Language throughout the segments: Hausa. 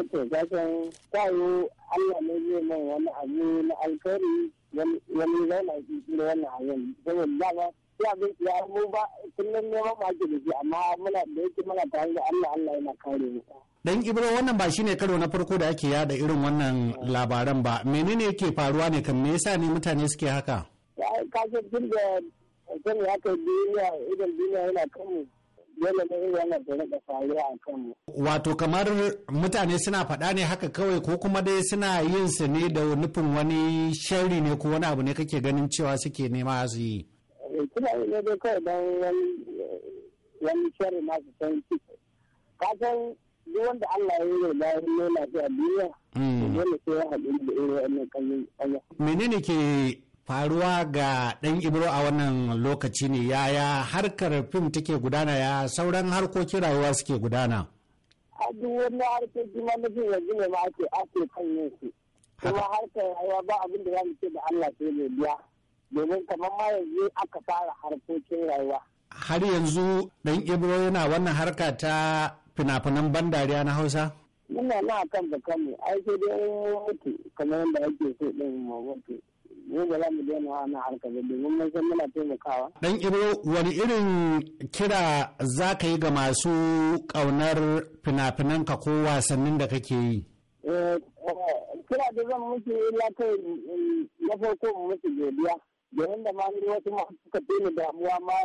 rufe ka san kayo Allah ne zai man wani abu na alkhairi wani zauna da wannan abin saboda dama ya bin ya mu ba kullum neman ma ake da shi amma muna da yake muna ta da Allah Allah yana kare mu Dan Ibro wannan ba shine karo na farko da ake yada irin wannan labaran ba menene yake faruwa ne kan me yasa ne mutane suke haka Ya kashe duniya idan duniya yana kanmu yadda ne da rika faruwa a kan Wato kamar mutane suna faɗa ne haka kawai ko kuma dai suna yin su ne da nufin wani sharri ne ko wani abu ne kake ganin cewa suke nema su yi. Kuma eh, ne Allah ya yi hmm. Menene ke faruwa ga ɗan ibro a wannan lokaci ne yaya harkar fim take gudana ya sauran harkokin rayuwa suke gudana a duk wani harkar jima na ake ake kan yanki, kuma harkar rayuwa ba abin da za mu ce da Allah sai ne biya domin kamar ma yanzu aka fara harkokin rayuwa har yanzu ɗan ibro yana wannan harka ta fina-finan ban dariya na hausa muna na kan da kanmu ai sai dai mutu kamar yadda ake so ɗin mu mutu mu ba za mu daina wannan harka ba domin mun san muna taimakawa. Dan iro wani irin kira za ka yi ga masu ƙaunar finafinan ka ko wasannin da kake yi? Eh, kira da zan muke yi lakai na farko mu muke godiya. Domin da ma wasu ma suka daina damuwa ma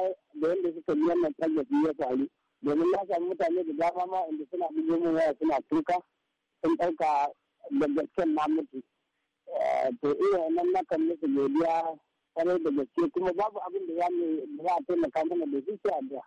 da yadda suka yi wannan tallafi ya faru. Domin na samu mutane da dama ma inda suna bugo min waya suna tuka sun ɗauka da gasken na to irin wannan na kan musu godiya kwarai da gaske kuma babu abin da ya mu za a taimaka mana da shi sai